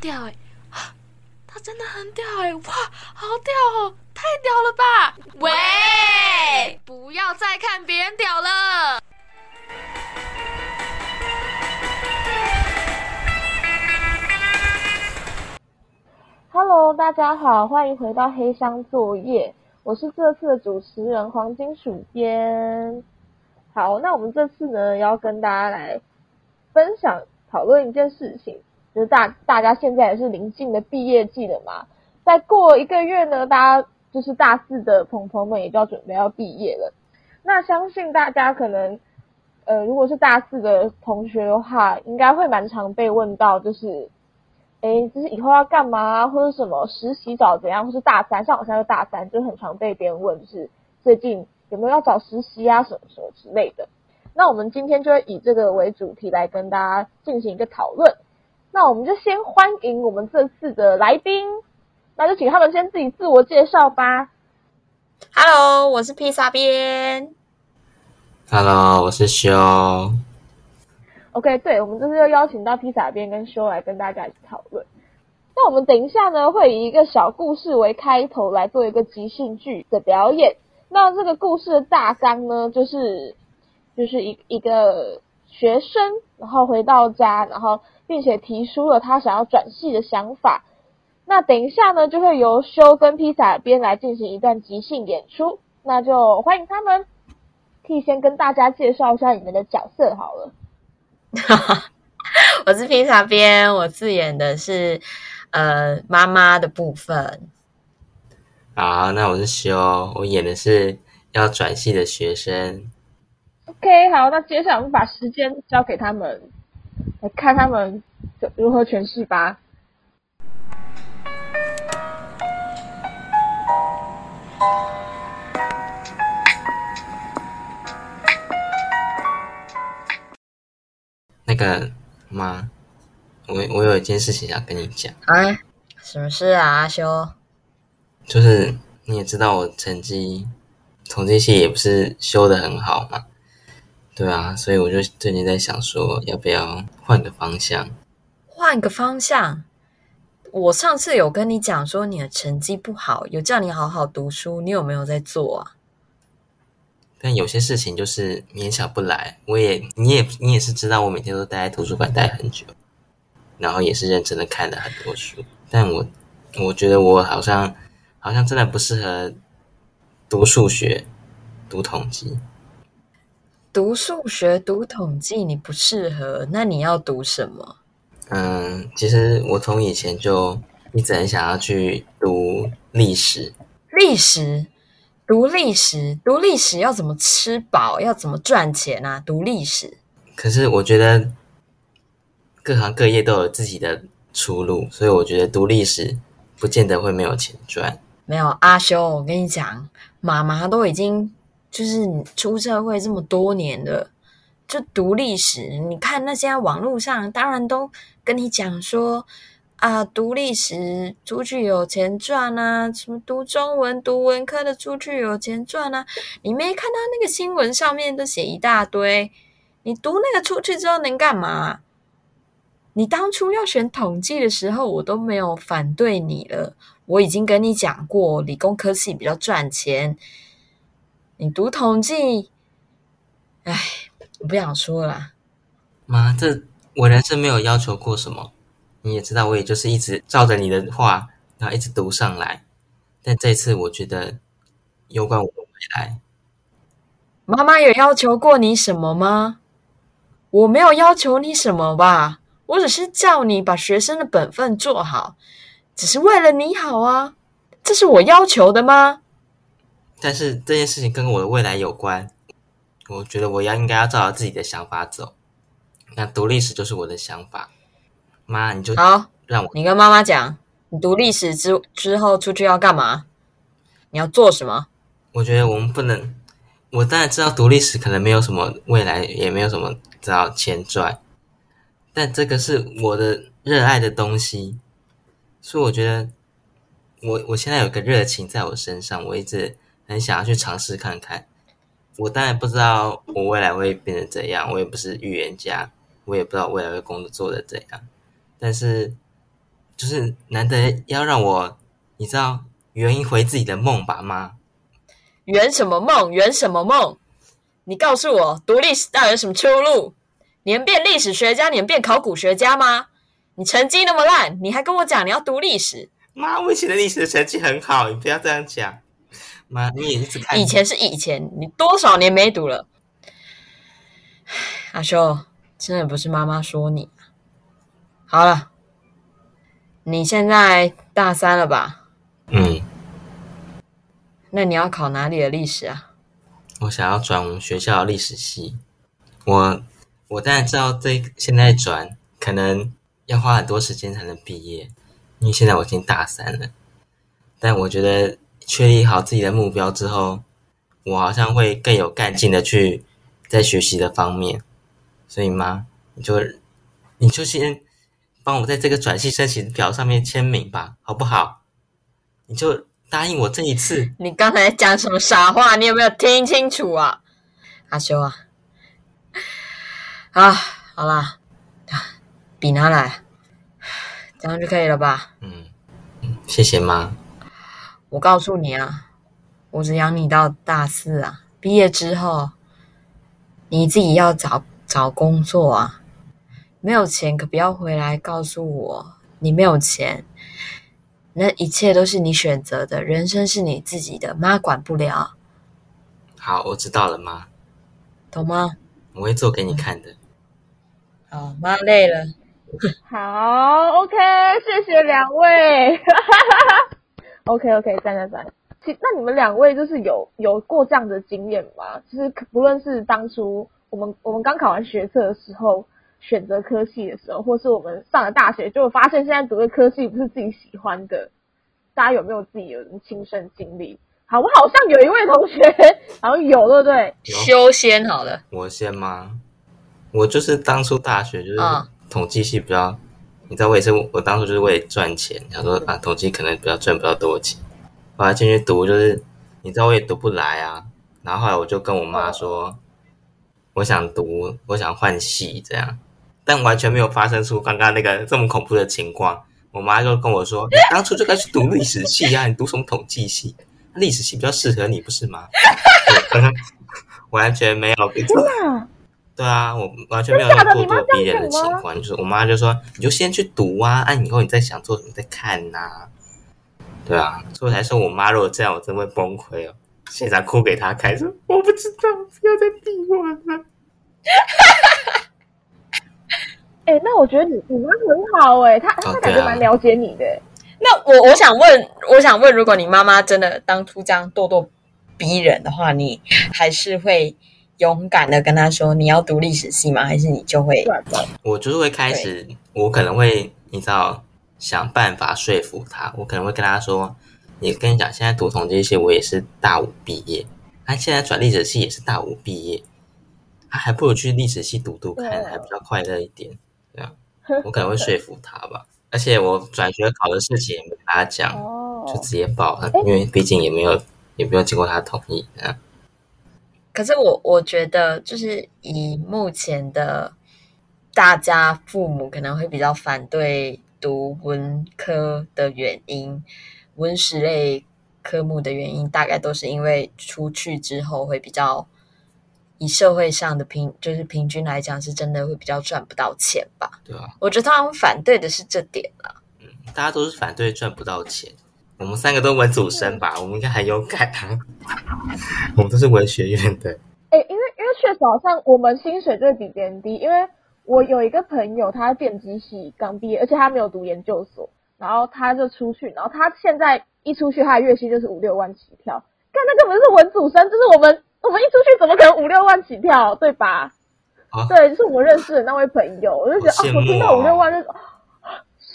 屌哎， 他真的很屌哎，哇，好屌哦，太屌了吧！喂，不要再看別人屌了。Hello，大家好，歡迎回到黑箱作業，我是這次的主持人黃金鼠編。好，那我們這次呢，要跟大家來分享討論一件事情。就是、大大家現在也是臨近的畢業季了嘛，再過一個月呢，大家就是大四的朋朋友們也就要準備要畢業了。那相信大家可能，呃，如果是大四的同學的話，應該會蠻常被問到，就是，哎，就是以後要幹嘛啊，或者什麼實習找怎樣，或是大三，像我現在就大三，就很常被別人問，就是最近有沒有要找實習啊，什麼什麼之類的。那我們今天就會以這個為主題來跟大家進行一個討論。那我們就先歡迎我們這次的來賓，那就請他們先自己自我介紹吧。Hello，我是披薩邊。Hello，我是修。OK，對，我們這次又邀請到披薩邊跟修來跟大家一起討論。那我們等一下呢，會以一個小故事為開頭來做一個即興劇的表演。那這個故事的大綱呢，就是就是一一個學生，然後回到家，然後。並且提出了他想要轉系的想法。那等一下呢，就會由修跟披薩邊來進行一段即興演出。那就歡迎他們，可以先跟大家介紹一下你們的角色好了。 我是披薩邊，我飾演的是呃媽媽的部分。好，那我是修，我演的是要轉系的學生。OK，好，那接下來我們把時間交給他們。我看他們，如何詮釋吧。那個，媽，我我有一件事情想跟你講。哎，什麼事啊，阿修？就是你也知道我成績，統計系也不是修的很好嘛。對啊，所以我就最近在想說，要不要換個方向？換個方向？我上次有跟你講說你的成績不好，有叫你好好讀書，你有沒有在做啊？但有些事情就是勉強不來，我也，你也，你也是知道，我每天都待在圖書館待很久，嗯，然後也是認真的看了很多書，但我我覺得我好像好像真的不適合讀數學，讀統計。讀數學、讀統計，你不適合。那你要讀什麼？嗯，其實我從以前就一直很想要去讀歷史。歷史，讀歷史，讀歷史要怎麼吃飽？要怎麼賺錢啊？讀歷史。可是我覺得各行各業都有自己的出路，所以我覺得讀歷史不見得會沒有錢賺。沒有，阿修，我跟你講，媽媽都已經。就是你出社會這麼多年了，就讀歷史，你看那些網絡上當然都跟你講說啊，讀歷史出去有錢賺啊，什麼讀中文讀文科的出去有錢賺啊。你沒看到那個新聞上面都寫一大堆，你讀那個出去之後能幹嘛？你當初要選統計的時候，我都沒有反對你了，我已經跟你講過，理工科系比較賺錢。你讀統計，唉，我不想說啦。媽，這我人生沒有要求過什麼，你也知道，我也就是一直照着你的話，然後一直讀上來。但這次我覺得有關我的未來。媽媽有要求過你什麼嗎？我沒有要求你什麼吧，我只是叫你把學生的本分做好，只是為了你好啊。這是我要求的嗎？但是這件事情跟我的未來有關，我覺得我要應該要照着自己的想法走。那讀歷史就是我的想法，媽，你就好讓我、哦、你跟媽媽講，你讀歷史之之後出去要幹嘛？你要做什麼？我覺得我們不能。我當然知道讀歷史可能沒有什麼未來，也沒有什麼知道前賺，但這個是我的熱愛的東西，所以我覺得我我現在有個熱情在我身上，我一直。很想要去嘗試看看，我當然不知道我未來會變成怎樣，我也不是預言家，我也不知道未來的工作做的怎樣。但是，就是難得要讓我，你知道圓一回自己的夢吧，媽。圓什麼夢？圓什麼夢？你告訴我，讀歷史到底有什麼出路？你能變歷史學家，你能變考古學家嗎？你成績那麼爛，你還跟我講你要讀歷史？媽，我以前的歷史成績很好，你不要這樣講。媽，你也一直看。以前是以前，你多少年沒讀了？阿秀，真的不是媽媽說你。好了，你現在大三了吧？嗯。那你要考哪裡的歷史啊？我想要轉我們學校的歷史系。我我當然知道，這現在轉可能要花很多時間才能畢業，因為現在我已經大三了。但我覺得。確立好自己的目標之後，我好像會更有幹勁的去在學習的方面。所以媽，你就你就先幫我在這個轉系申請表上面簽名吧，好不好？你就答應我這一次。你剛才講什麼傻話？你有沒有聽清楚啊，阿修啊？啊，好啦，啊，筆拿來，這樣就可以了吧？嗯，謝謝媽。我告訴你啊，我只養你到大四啊，畢業之後，你自己要找找工作啊，沒有錢可不要回來告訴我你沒有錢，那一切都是你選擇的，人生是你自己的，媽管不了。好，我知道了，媽，懂嗎？我會做給你看的。好，媽累了。 好，OK，謝謝兩位。 OK OK，讚讚讚。其那你們兩位就是有有過這樣的經驗嗎？就是不論是當初我們我們剛考完學測的時候，選擇科系的時候，或是我們上了大學就發現現在讀的科系不是自己喜歡的，大家有沒有自己有什麼親身經歷？好，我好像有一位同學好像有，對不對？修仙，好了，我先嗎？我就是當初大學就是統計系比較。哦你知道，我也是，我當初就是為了賺錢。想說：“啊，統計可能比較賺比較多錢。”後來進去讀，就是你知道，我也讀不來啊。然後後來我就跟我媽說：“我想讀，我想換系，這樣。”但完全沒有發生出剛剛那個這麼恐怖的情況。我媽就跟我說：“你當初就該去讀歷史系啊，你讀什麼統計系？歷史系比較適合你，不是嗎？” 剛剛完全沒有，真的。對啊，我完全沒有那咄咄逼人的情況，就是我媽就說：“你就先去讀啊，按、啊、以後你再想做什麼再看吶、啊。”對啊，所以才說我媽如果這樣，我真的會崩潰哦、啊，現在哭給她看，說我，我不知道，我不要再逼我了。哈哈哈！哎，那我覺得你你媽很好哎、欸，她、oh, 她感覺蠻了解你的、欸啊。那我我想問，我想問，如果你媽媽真的當初這樣咄咄逼人的話，你還是會？勇敢的跟他說，你要讀歷史系嗎？還是你就會？我就是會開始，我可能會，你知道，想辦法說服他。我可能會跟他說，你跟你講，現在讀統計系，我也是大五畢業，他現在轉歷史系也是大五畢業，他還不如去歷史系讀讀看，還比較快樂一點，對吧？我可能會說服他吧。 而且我轉學考的事情也沒跟他講，就直接報了，哦，因為畢竟也沒有，也沒有經過他同意啊。可是我我覺得，就是以目前的大家父母可能會比較反對讀文科的原因，文史類科目的原因，大概都是因為出去之後會比較以社會上的平，就是平均來講是真的會比較賺不到錢吧？對啊，我覺得他們反對的是這點啊。嗯，大家都是反對賺不到錢。我們三個都是文組生吧。我們應該很勇敢，啊、 我們都是文學院的。哎、欸，因為因為確實好像我們薪水就會比別人低，因為我有一個朋友，他電電機系剛畢業，而且他沒有讀研究所，然後他就出去，然後他現在一出去他的月薪就是五六萬起跳。但那根本就是文組生。就是我們我們一出去怎麼可能五六萬起跳，對吧？對、啊，對，就是我們認識的那位朋友，我，我就覺得啊、哦，我聽到五六萬就是。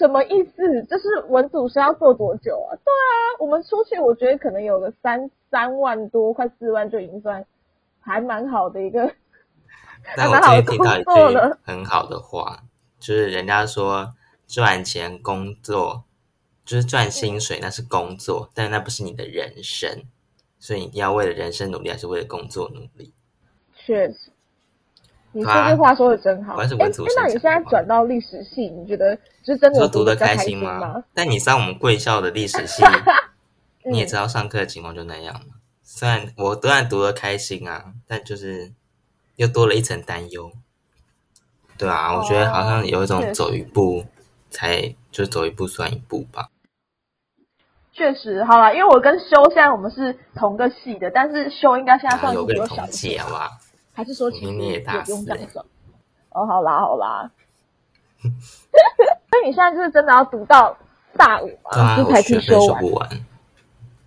什麼意思？就是文組是要做多久啊？對啊，我們出去，我覺得可能有個三三萬多，快四萬就已經算還蠻好的一個。但我最近聽到一句很好的話，就是人家說賺錢工作就是賺薪水，那是工作、嗯，但那不是你的人生，所以你要為了人生努力，還是為了工作努力？確實。你說這話說的真好、啊，那你現在轉到歷史系，你覺得是真的讀的開,開心嗎？但你上我們貴校的歷史系， 你也知道上課的情況就那樣嘛、嗯。雖然我雖然讀的開心啊，但就是又多了一層擔憂。哦、對啊，我覺得好像有一種走一步才就走一步算一步吧。確實，好吧，因為我跟修現在我們是同個系的，但是修應該現在上、啊、有個同系吧還是說，請你也大四？哦，好啦，好啦。 所以你現在就是真的要讀到大五啊，才去修。修不完，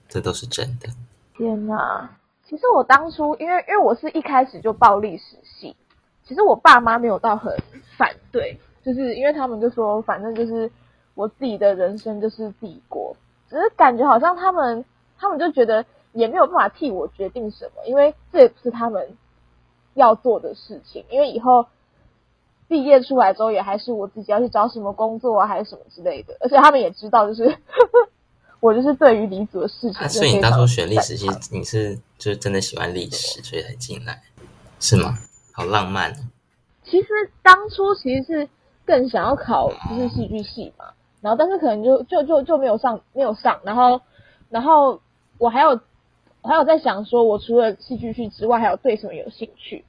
這都是真的。天哪！其實我當初因為因為我是一開始就報歷史系，其實我爸媽沒有到很反對，就是因為他們就說，反正就是我自己的人生就是帝國。只是感覺好像他們他們就覺得也沒有辦法替我決定什麼，因為這也不是他們。要做的事情，因為以後畢業出來之後，也還是我自己要去找什麼工作啊，還是什麼之類的。而且他們也知道，就是呵呵，我就是對於離組的事情。啊，所以你當初選歷史系，你是就是真的喜歡歷史，所以才進來，是嗎？好浪漫啊。其實當初其實是更想要考就是戲劇系嘛，然後但是可能就就就就沒有上，沒有上。然後然後我還有。還有在想說，我除了戲劇系之外，還有對什麼有興趣？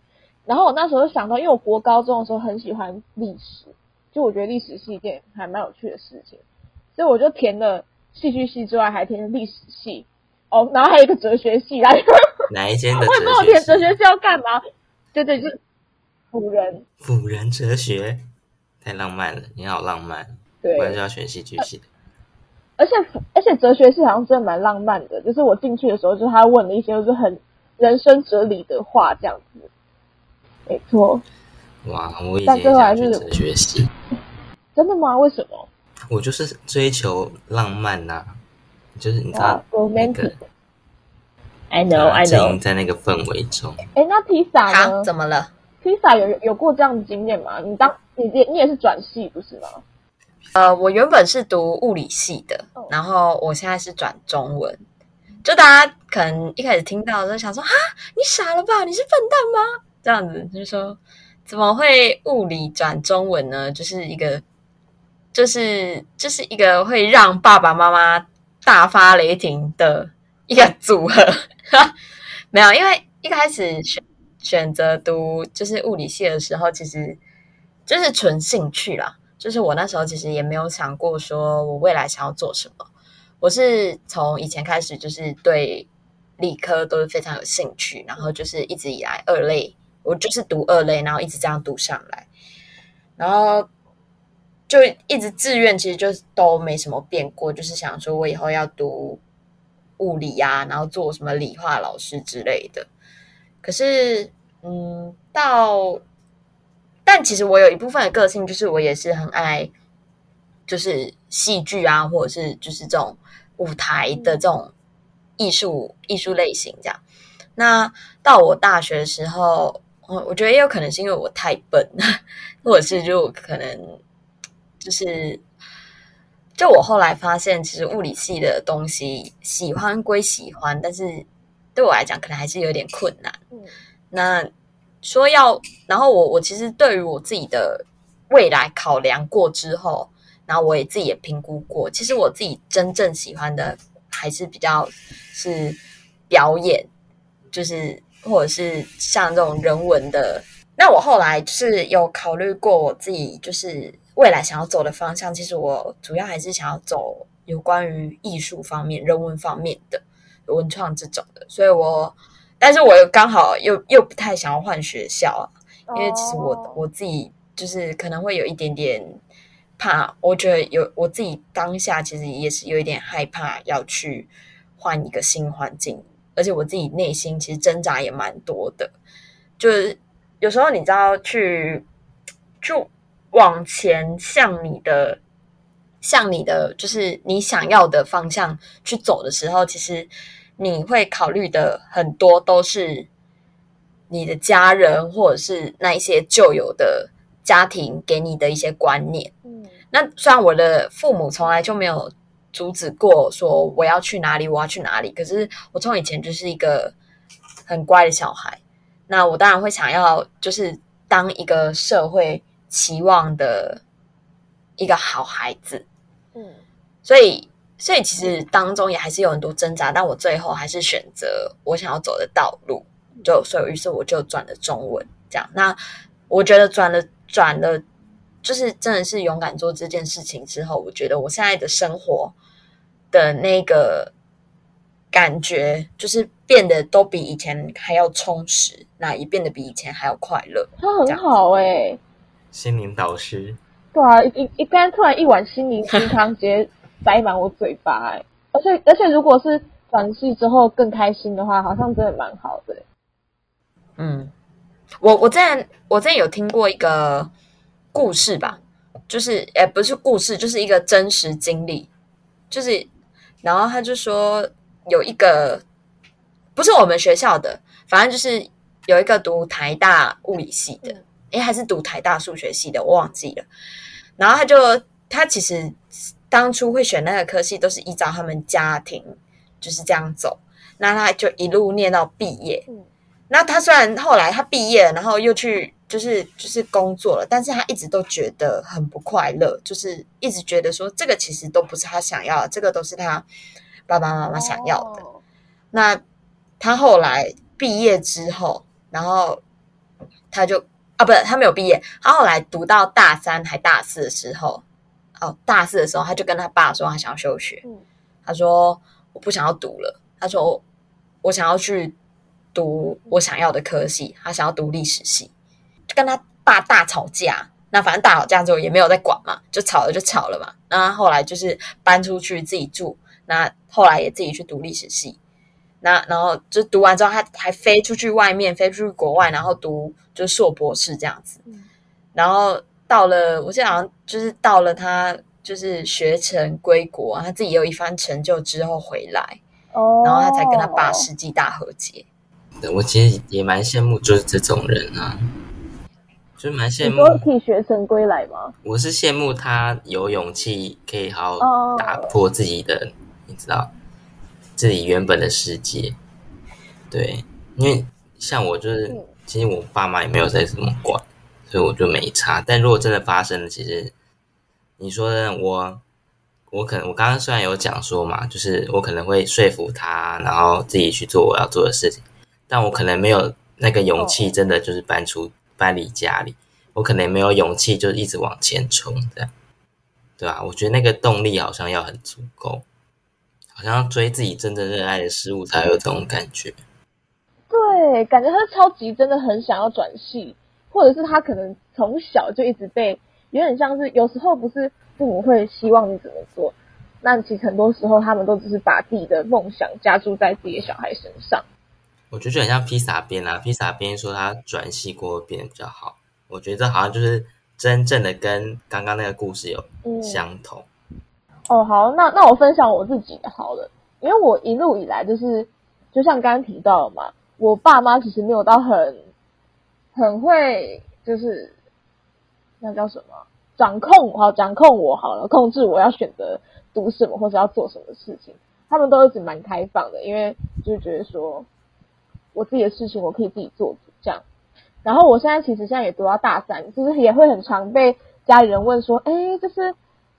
然後我那時候想到，因為我國高中的時候很喜歡歷史，就我覺得歷史是一件還蠻有趣的事情，所以我就填了戲劇系之外，還填了歷史系。哦，然後還有一個哲學系來，哪一間？的哲學？我填哲學系要幹嘛？對對，對，就輔仁，輔仁哲學，太浪漫了，你好浪漫。對，我還是要選戲劇系的。啊而且而且哲學系好像真的蠻浪漫的，就是我進去的時候，就是他問了一些就是很人生哲理的話這樣子，沒錯。哇，我以前哲學系， 真的嗎？為什麼？我就是追求浪漫吶、啊，就是你知道我。啊那個，I know、啊、I know，在那個氛圍中。哎、欸，那披薩呢？怎麼了？披薩有有過這樣的經驗嗎？你當你也你也是轉系不是嗎？呃，我原本是讀物理系的，然後我現在是轉中文。就大家可能一開始聽到都想說：“哈，你傻了吧？你是笨蛋嗎？”這樣子就是說，怎麼會物理轉中文呢？就是一個，就是就是一個會讓爸爸媽媽大發雷霆的一個組合。 沒有，因為一開始選，選擇讀就是物理系的時候，其實就是純興趣啦。就是我那時候其實也沒有想過，說我未來想要做什麼。我是從以前開始就是對理科都是非常有興趣，然後就是一直以來二類，我就是讀二類，然後一直這樣讀上來，然後就一直志願其實就都沒什麼變過，就是想說我以後要讀物理呀，啊，然後做什麼理化老師之類的。可是，嗯，到。但其實我有一部分的個性，就是我也是很愛，就是戲劇啊，或者是就是這種舞台的這種藝術、嗯、藝術類型這樣。那到我大學的時候，我覺得也有可能是因為我太笨，或者是就可能就是，就我後來發現，其實物理系的東西喜歡歸喜歡，但是對我來講可能還是有點困難。嗯、那。說要，然後我我其實對於我自己的未來考量過之後，然後我也自己也評估過，其實我自己真正喜歡的還是比較是表演，就是或者是像這種人文的。那我後來就是有考慮過我自己就是未來想要走的方向，其實我主要還是想要走有關於藝術方面、人文方面的文創這種的，所以我。但是我剛好又又不太想要換學校啊，因為其實我我自己就是可能會有一點點怕。我覺得有我自己當下其實也是有一點害怕要去換一個新環境，而且我自己內心其實掙扎也蠻多的。就是有時候你知道去就往前向你的向你的就是你想要的方向去走的時候，其實。你會考慮的很多都是你的家人，或者是那一些舊有的家庭給你的一些觀念。嗯，那雖然我的父母從來就沒有阻止過說我要去哪裡，我要去哪裡，可是我從以前就是一個很乖的小孩。那我當然會想要就是當一個社會期望的一個好孩子。嗯，所以。所以其實當中也還是有很多掙扎，但我最後還是選擇我想要走的道路。就所以，於是我就轉了中文，這樣。那我覺得轉了，轉了，就是真的是勇敢做這件事情之後，我覺得我現在的生活的那個感覺，就是變得都比以前還要充實，那也變得比以前還要快樂。他、啊、很好哎、欸，心靈導師。對啊，一一剛突然一碗心靈雞湯，直接。塞滿我嘴巴哎、欸，而且而且，如果是轉系之後更開心的話，好像真的蠻好的欸。嗯，我我在我在有聽過一個故事吧，就是哎、欸，不是故事，就是一個真實經歷。就是，然後他就說有一個，不是我們學校的，反正就是有一個讀台大物理系的，哎、嗯欸，還是讀台大數學系的，我忘記了。然後他就他其實。當初會選那個科系，都是依照他們家庭就是這樣走。那他就一路念到畢業。嗯、那他雖然後來他畢業了，然後又去就是就是工作了，但是他一直都覺得很不快樂，就是一直覺得說這個其實都不是他想要的，這個都是他爸爸媽媽想要的。哦、那他後來畢業之後，然後他就啊，不是，他沒有畢業，他後來讀到大三還大四的時候。哦、oh，大四的時候，他就跟他爸說，他想要休學，嗯。他說：“我不想要讀了。”他說我：“我想要去讀我想要的科系，嗯、他想要讀歷史系。”就跟他爸大吵架。那反正大吵架之後也沒有再管嘛，嗯，就吵了就吵了嘛。那他後來就是搬出去自己住。那後來也自己去讀歷史系。那然後就讀完之後，他還飛出去外面，飛出去國外，然後讀就碩博士這樣子。嗯、然後。到了，我現在好像就是到了他，就是學成歸國，他自己有一番成就之後回來，Oh. 然後他才跟他爸世紀大和解。對，我其實也蠻羨慕，就是這種人啊，就是蠻羨慕可以學成歸來嗎？我是羨慕他有勇氣可以好好打破自己的，Oh. 你知道，自己原本的世界。對，因為像我就是，嗯，其實我爸媽也沒有在怎麼管。所以我就沒差，但如果真的發生了，其實你說的我，我可能我剛剛雖然有講說嘛，就是我可能會說服他，然後自己去做我要做的事情，但我可能沒有那個勇氣，真的就是搬出，哦、搬離家裡，我可能沒有勇氣，就一直往前衝，這樣對吧？啊？我覺得那個動力好像要很足夠，好像追自己真正熱愛的事物才有這種感覺。對，感覺他超級真的很想要轉系。或者是他可能從小就一直被有點像是有時候，不是父母會希望你怎麼做，那其實很多時候他們都只是把自己的夢想加注在自己的小孩身上。我覺得就很像披薩邊啊，披薩邊說他轉系過變得比較好，我覺得好像就是真正的跟剛剛那個故事有相同。嗯、哦，好，那那我分享我自己的好了，因為我一路以來就是就像剛剛提到了嘛，我爸媽其實沒有到很。很會，就是那叫什麼掌控，好，掌控我好了，控制我要選擇讀什麼或者要做什麼事情，他們都一直蠻開放的，因為就覺得說我自己的事情我可以自己做這樣。然後我現在其實現在也讀到大三，就是也會很常被家裡人問說，哎，就是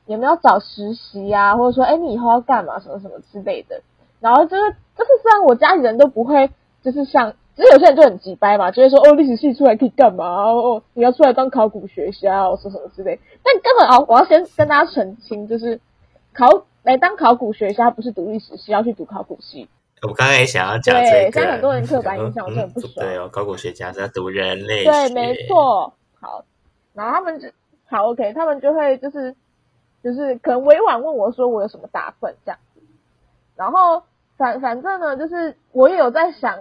有沒有找實習啊，或者說哎，你以後要幹嘛什麼什麼之類的。然後就是就是雖然我家裡人都不會就是像。其實有些人就很急掰嘛，就會說：“哦，歷史系出來可以幹嘛？哦，你要出來當考古學家，哦、說什麼之類。”但根本啊，我要先跟大家澄清，就是、嗯、考來當考古學家不是讀歷史系，要去讀考古系。我剛剛也想要講對這個，現在很多人刻板印象，嗯、我真的不爽。對哦，考古學家是要讀人類，對，沒錯。好，然後他們就好 OK，他們就會就是就是可能委婉問我說，我有什麼打算這樣子。然後反反正呢，就是我也有在想，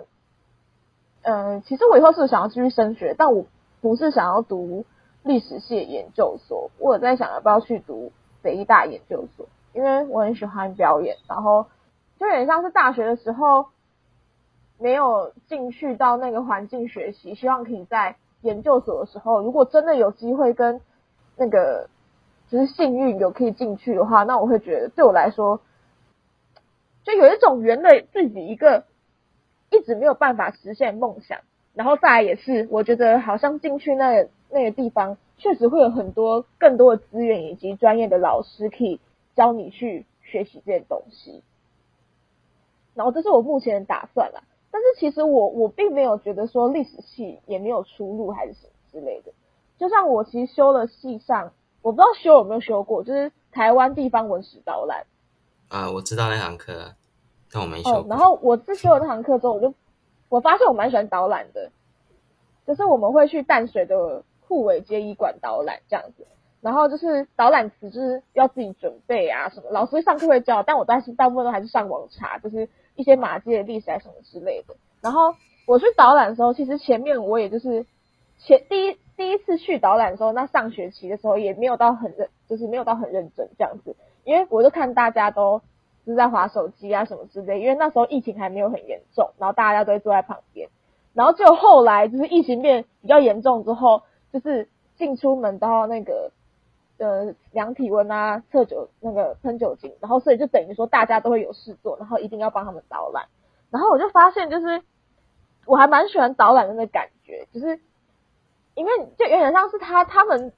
嗯，其實我以後是想要繼續升學，但我不是想要讀歷史系研究所。我也在想要不要去讀北藝大研究所，因為我很喜歡表演，然後就有點像是大學的時候沒有進去到那個環境學習，希望可以在研究所的時候，如果真的有機會跟那個就是幸運有可以進去的話，那我會覺得對我來說，就有一種圓了自己一個。一直沒有辦法實現夢想，然後再來也是我覺得好像進去那那個地方，確實會有很多更多的資源以及專業的老師可以教你去學習這些東西。然後這是我目前的打算啦，但是其實我我並沒有覺得說歷史系也沒有出路還是什麼之類的。就像我其實修了系上，我不知道修有沒有修過，就是台灣地方文史導覽。啊，我知道那堂課。跟我沒修，哦。然後我自修了那堂課之後，我就我發現我蠻喜歡導覽的，就是我們會去淡水的滬尾偕醫館導覽這樣子，然後就是導覽詞就是要自己準備啊什麼，老師上課會教，但我但是大部分都還是上網查，就是一些馬偕的歷史啊什麼之類的。然後我去導覽的時候，其實前面我也就是前第一第一次去導覽的時候，那上學期的時候也沒有到很認，就是沒有到很認真這樣子，因為我就看大家都。是在划手機啊什麼之類，因為那時候疫情還沒有很嚴重，然後大家都會坐在旁邊，然後就後來就是疫情變比較嚴重之後，就是進出門都要那個呃量體溫啊，測酒那個噴酒精，然後所以就等於說大家都會有事做，然後一定要幫他們導覽，然後我就發現就是我還蠻喜歡導覽的那個感覺，就是因為就有點像是他他們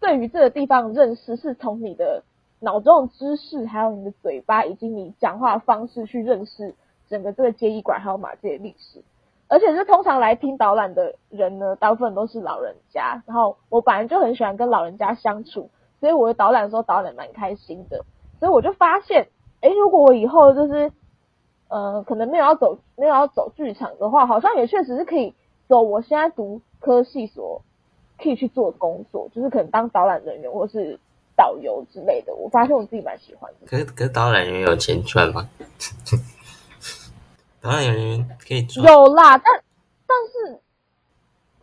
對於這個地方認識是從你的。腦中的知識，還有你的嘴巴，以及你講話的方式，去認識整個這個街醫館還有馬街的歷史。而且是通常來聽導覽的人呢，大部分都是老人家。然後我本來就很喜歡跟老人家相處，所以我導覽的時候，導覽蠻開心的。所以我就發現，哎，如果我以後就是，嗯，可能沒有要走，沒有要走劇場的話，好像也確實是可以走。我現在讀科系所，可以去做工作，就是可能當導覽人員，或是。導遊之類的，我發現我自己蠻喜歡的。可是，可是導有錢賺嗎？然有人可以賺，有啦。但但是，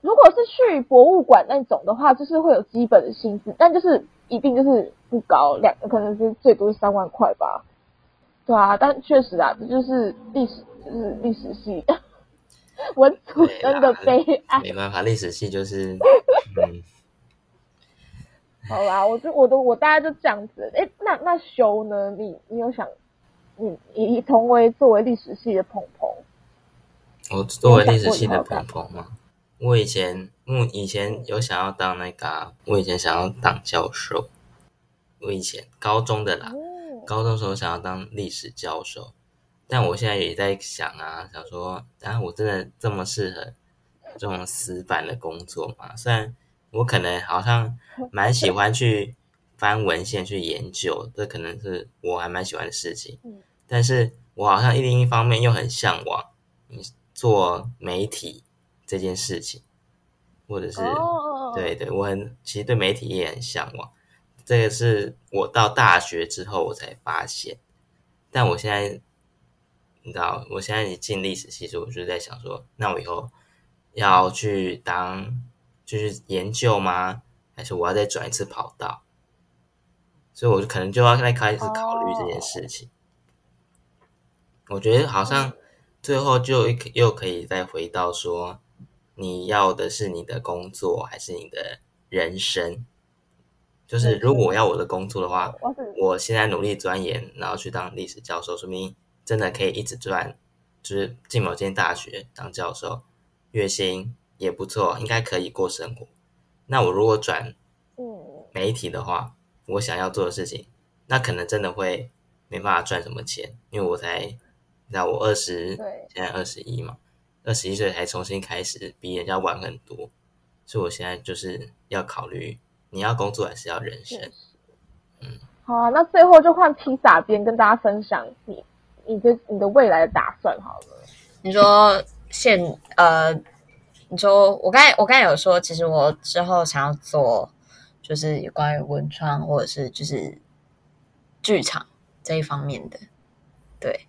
如果是去博物館那種的話，就是會有基本的薪資，但就是一定就是不高，兩可能是最多是三萬塊吧。對啊，但確實啊，這就是歷史，就是歷史系 文土真的悲哀沒沒。沒辦法，歷史系就是嗯。 好啦，我就我都我大概就這樣子。哎、欸，那那修呢？你你有想，你你同為作為歷史系的鵬鵬，我作為歷史系的鵬鵬嘛，我以前我以前有想要當那個、啊，我以前想要當教授，我以前高中的啦，嗯、高中時候想要當歷史教授，但我現在也在想啊，想說，啊，我真的這麼適合這種死板的工作嗎？雖然。我可能好像蠻喜歡去翻文獻去研究， 這可能是我還蠻喜歡的事情。嗯，但是我好像一另一方面又很嚮往做媒體這件事情，或者是，哦，對對，我很其實對媒體也很嚮往。這個是我到大學之後我才發現，但我現在你知道我現在一進歷史系，其實我就是在想說，那我以後要去當。就是研究嗎？還是我要再轉一次跑道？所以，我就可能就要再開始考慮這件事情。Oh. 我覺得好像最後就又可以再回到說，你要的是你的工作還是你的人生？就是如果我要我的工作的話，oh. 我現在努力鑽研，然後去當歷史教授，說不定真的可以一直轉，就是進某間大學當教授，月薪。也不錯，應該可以過生活。那我如果轉嗯媒體的話，嗯，我想要做的事情，那可能真的會沒辦法賺什麼錢，因為我才那我二十對現在二十一嘛，二十一歲才重新開始，比人家晚很多，所以我現在就是要考慮你要工作還是要人生？嗯，好啊，那最後就換披薩邊跟大家分享你的你的你的未來的打算好了。你說現呃。 你說我剛才我剛才有說，其實我之後想要做就是關於文創或者是就是劇場這一方面的，對，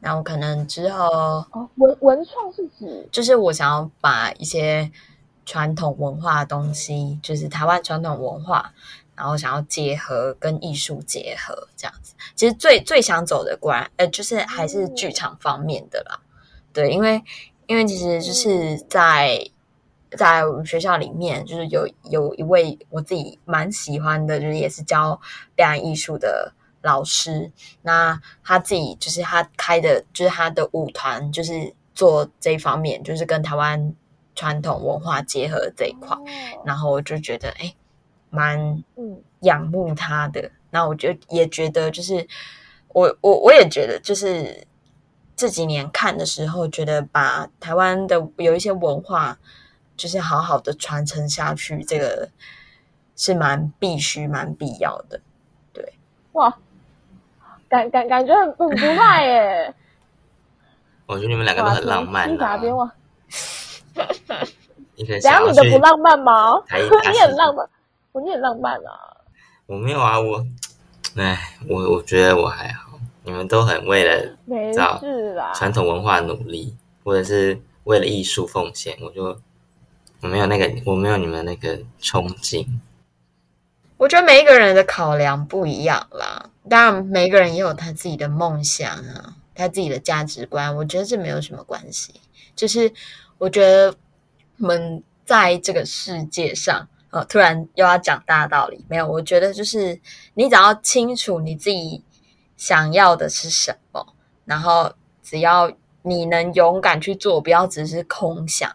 然後可能之後哦文文創是指就是我想要把一些傳統文化的東西，就是台灣傳統文化，然後想要結合跟藝術結合這樣子。其實最最想走的，果然呃，就是還是劇場方面的啦，嗯、對，因為。因為其實就是在在我們學校裡面，就是有有一位我自己蠻喜歡的，就是也是教表演藝術的老師。那他自己就是他開的，就是他的舞團，就是做這一方面，就是跟台灣傳統文化結合這一塊，嗯。然後我就覺得，誒、哎，蠻仰慕他的。那我就也覺得，就是我我我也覺得，就是。這幾年看的時候，覺得把台灣的有一些文化，就是好好的傳承下去，這個是蠻必須、蠻必要的。對，哇，感感感覺很不浪漫耶！ 我覺得你們兩個都很浪漫。你打給我，兩個女的不浪漫嗎？ 你很浪漫， 我，你很浪漫啊！我沒有啊，我，哎，我我覺得我還好。你們都很為了，沒事啦。傳統文化努力，或者是為了藝術奉獻，我就我沒有那個，我沒有你們那個憧憬。我覺得每一個人的考量不一樣啦，當然每一個人也有他自己的夢想啊，他自己的價值觀。我覺得這沒有什麼關係。就是我覺得我們在這個世界上，呃、哦，突然又要講大道理，沒有，我覺得就是你只要清楚你自己。想要的是什麼？然後只要你能勇敢去做，不要只是空想。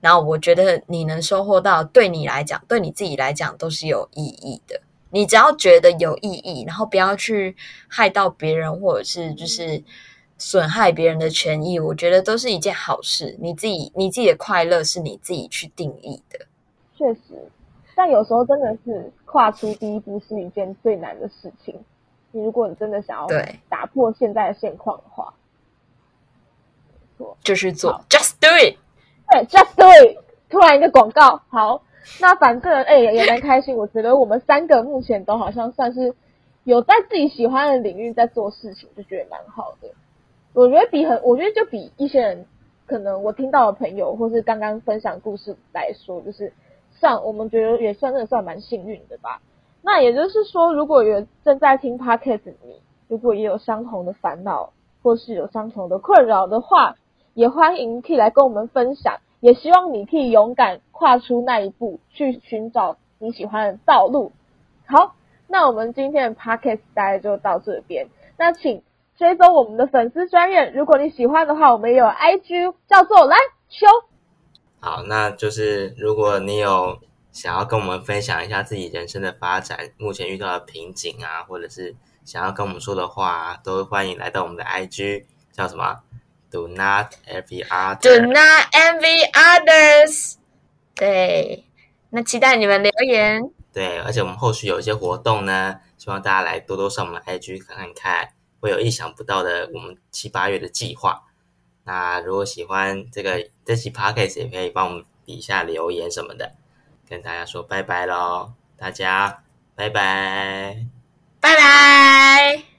然後我覺得你能收穫到，對你來講，對你自己來講都是有意義的。你只要覺得有意義，然後不要去害到別人，或者是就是損害別人的權益，嗯、我覺得都是一件好事。你自己你自己的快樂是你自己去定義的。確實，但有時候真的是跨出第一步是一件最難的事情。如果你真的想要打破現在的現況的話，沒錯，就是做，just do it。just do it。突然一個廣告，好，那反正哎、欸、也蠻開心。 我覺得我們三個目前都好像算是有在自己喜歡的領域在做事情，就覺得蠻好的。我覺得比很，我覺得就比一些人可能我聽到的朋友或是剛剛分享故事來說，就是算我們覺得也算真的算蠻幸運的吧。那也就是說，如果有正在聽 Podcast，你如果也有相同的煩惱或是有相同的困擾的話，也歡迎可以來跟我們分享。也希望你可以勇敢跨出那一步，去尋找你喜歡的道路。好，那我們今天的 Podcast 大概就到這邊。那請追蹤我們的粉絲專頁，如果你喜歡的話，我們也有 IG 叫做來球。好，那就是如果你有。想要跟我們分享一下自己人生的發展，目前遇到的瓶頸啊，或者是想要跟我們說的話啊，都歡迎來到我們的 IG，叫什麼？Do not envy others。Do not envy others。對，那期待你們留言。對，而且我們後續有一些活動呢，希望大家來多多上我們的 IG 看看看，會有意想不到的我們七八月的計劃。那如果喜歡這個這期 Podcast，也可以幫我們底下留言什麼的。跟大家說拜拜嘍，大家拜拜，拜拜。